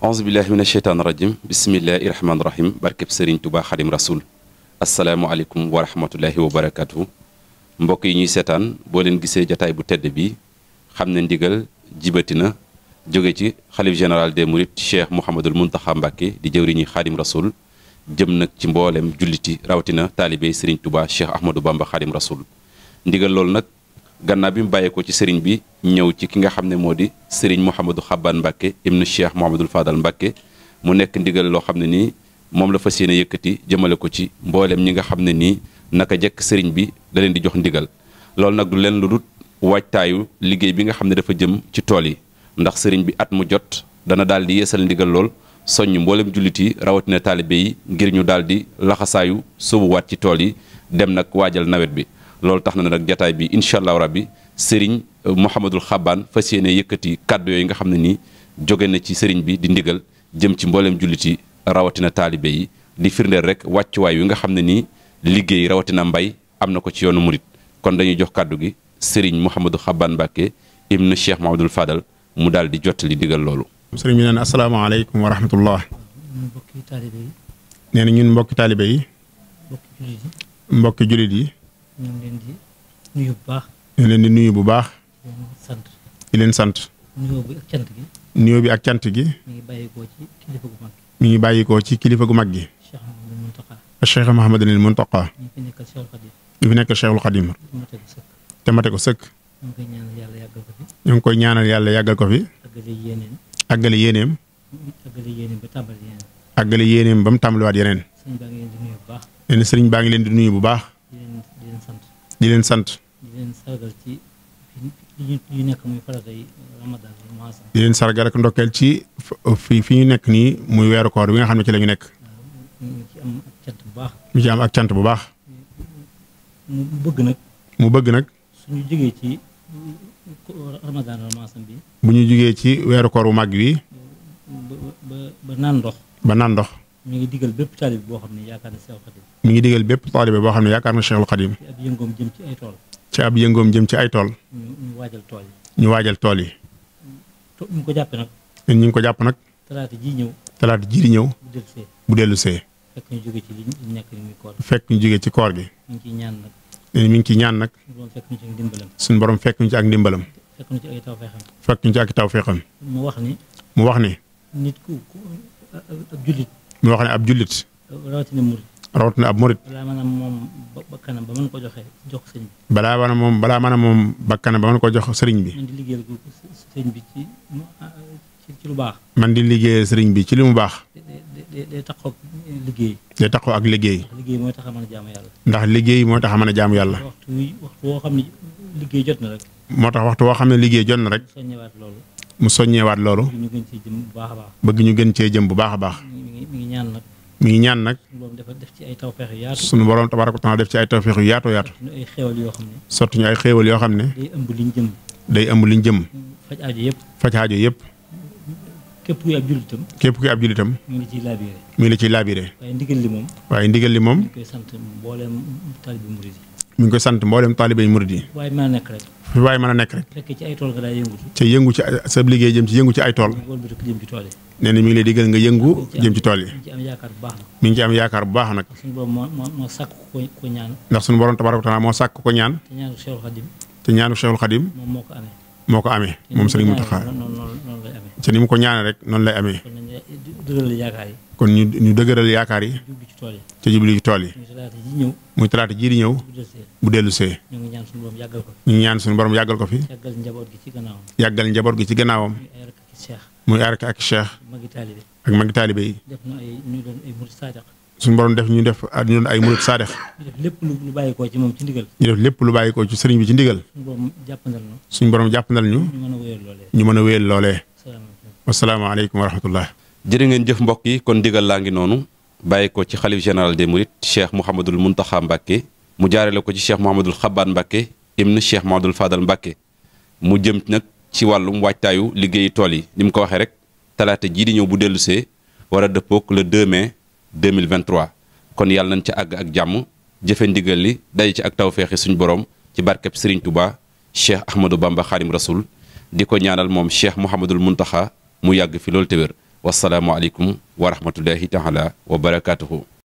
auzu billahi min asheytaan rajim bismillahi rahmaani rahim barkeb sëriñ tubaa xadim rasul asalaamualeykum wa rahmatullahi wa barakatuhu mbokk yi ñuy seetaan boo leen gisee jataay bu tedd bi xam ne ndigal jibati na jóge ci xalif général des mourides cheikh mouhamadul muntaxa mbàkke di jëwriñi xaadim rasul jëm nag ci mboolem julliti rawatina taalibe sëriñ tubaa cheikh ahmadou bamba xaadim rasul ndigal loolu nag gannaaw bi mu ko ci sëriñ bi ñëw ci ki nga xam ne moo di sëriñ Mouhamadou Xaban Mbacke ibnu Cheikh Mouhamadul Fadal Mbacke mu nekk ndigal loo xam ne nii moom la fa yéene yëkkati jëmale ko ci mbooleem ñi nga xam ne nii naka jekk sëriñ bi daleen di jox ndigal loolu nag du leen lu dul waajtaayu liggéey bi nga xam ne dafa jëm ci tool yi ndax sëriñ bi at mu jot dana daal di yeesal ndigal lool soññ mboolem jullit rawatina taalibe yi ngir ñu daal di laxasaayu sóobuwaat ci tool yi dem nag waajal nawet bi loolu tax na ne nag jataay bi incha allahu rabbi sëriñ euh, Mouhamadul Xabaan fas yéene yëkkati kàddu yooyu nga xam ne nii joge na ci sëriñ bi di ndigal jëm ci mbooleem jullit yi rawatina taalibe yi di firndeel rek wàccuwaay wi nga xam ne nii liggéey rawatina mbay am na ko ci yoonu murit kon dañuy jox kàddu gi sëriñ Mouhamadou Xabaan Mbàkke ibnu Cheikh Mahamadul Fadal mu daal di jottali digal loolu. sëriñ bi naan asalaamaaleykum wa rahmatullah. nee na yi. ñu leen di nuyu bu baax. ñu leen di nuyu sant. di bi ak cant gi. nuyoo bi ak cant gi. mi ngi bàyyikoo ci kilifa gu mag gi. mi ngi bàyyikoo ci ñu fi nekkal Cheikhul Khadim. te mate ko sëkk. ñu ngi koy ñaanal yàlla yàggal ko fi. ñu ngi àggale yéeneem. àggale yéeneem. ba mu tàmbaliwaat yeneen. sëriñ sëriñ baa ngi leen di nuyu bu baax. di leen sant. di leen sargal leen sargal ak ndokkeel ci fi fi ñu nekk nii muy weeru koor bi nga xam ne ci la nekk. mu ci am ak cant bu baax. mu bëgg nag. mu bëgg nag. suñu jógee ci bi. bu ñu jógee ci weeru koor bu mag bi. ba ba naan ndox. ba naan ndox. mi ngi digal bépp taalibe boo xam ne yaakaar na Cheikhul Khadim. mi ngi digal bépp taalibe boo xam ne yaakaar na Cheikhul Khadim. ci ab yëngoom jëm ci ay tool. ci ab yëngoom jëm ci ay tool. ñu waajal tool yi. ñu tool yi. ñu ngi ko jàpp nag. ñu ngi ko jàpp nag. talaata ji ñëw. talaata ji di ñëw. bu dellu see. bu dellu see. fekk ñu jóge ci li ñu nekk ni muy koor. fekk ñu ci koor gi. mi ngi ciy ñaan nag. mi ngi ciy suñu borom fekk ñu ci ak ndimbalam. fekk ñu ci ay tawfeexam. fekk ñu ci ak mu wax ni. mu wax ni. nit moo xam ne ab jullit. rawat murit. ab murit. balaa maanaam moom bakkanam ba mën ko joxe jox sëriñ bi. balaa maanaam moom balaa maanaam moom bakkanam ba mën ko jox sëriñ bi. man di liggéeyal sëriñ bi ah, ci lu baax. man di liggéeyal sëriñ bi ci li mu baax. day day taxaw ak liggéey. ak liggéey. ndax liggéey mooy tax a jaamu yàlla. ndax liggéey mooy tax a mën a yàlla. waxtu wi jot na moo tax waxtu woo xam ne liggéey jot na rek. mu soññeewaat loolu. mu soññeewaat loolu. bëgg ñu gën cee jëm bu baax a baax. mi ngi ñaan nag. mi ngi ñaan nag. sunu borom dafa def ci ay tawféex yu yaatu. sunu borom tabaaraka taala def ci ay tawféex yu yaatu yaatu. sotti ñu yoo xam ne. sotti ñu ay xéewal yoo xam ne. day ëmb liñ jëm. day ëmb liñ jëm. faj aajo yëpp. faj aajo yëpp. képp kuy ab jullitam. képp ab jullitam. mi ngi la ciy laabiré. mi ngi la ciy laabiré. waaye ndigal li moom. waaye ndigal li moom. mi ngi koy sant mboolem taalibe murid yi. a fi waaye mën a nekk rek. fekk ay tool nga yëngu ci. te yëngu ci liggéey jëm ci yëngu ci ay tool. nee na mi di lay digal nga yëngu jëm ci tool yi. mi ngi ci am yaakaar bu baax nag. ndax suñu borom tabaaraka wa taala moo sàkk ko ñaan. te ñaan ñaanu Cheikhul Khadim. moo ko amee moom Serigne Mountakha. te ni mu ko ñaanee rek noonu lay amee. kon ñu ñu dëgëral yaakaar yi. te jublu ci tool yi. muy talaata jii di ñëw. bu dellu see. ñu ngi ñaan suñu borom yàggal ko fi. ñu ñaan suñu borom yàggal ko fi. njaboot gi ci gannaawam. yàggal njaboot gi ci gannaawam. muy arka ak ak magi taalibe yi. def na ay ñu doon ay borom def ñu def ñu ay murid saadiq. ñu def lépp lu bàyyi koo ci moom ci ndigal. ñu lépp lu bàyyi ci sëriñ bi ci ndigal. suñu borom jàppandal ñu. ñu mën a wéyal loole wasalaamaaleykum wa rahmatullah jërë ngeen jëf mbokk yi kon ndigal laa ngi noonu bàyyi ko ci xalif général des mourides cheikh mouhamadul muntaxa mbàkke mu jaarale ko ci cheikh mouhamadul xabaan mbàkke ibn cheikh mouhamadul fadal mbàkke mu jëm nag ci wàllum waajtaayu liggéeyi tool yi ni mu ko waxee rek talaata jii di ñëw bu dellusee war a dëppook le 2 mai 2023 kon yàlla nañ ci àgg ak jàmm jëfe ndigal li day ci ak tawféexi suñu borom ci barkeb Serigne Touba cheikh ahmadou bamba xaadim rasul di ko ñaanal moom cheikh mouhamadul muntaxa mu yàgg fi loolu te wasalaamualeykum wa rahmatullahi taala wa barakaatuhu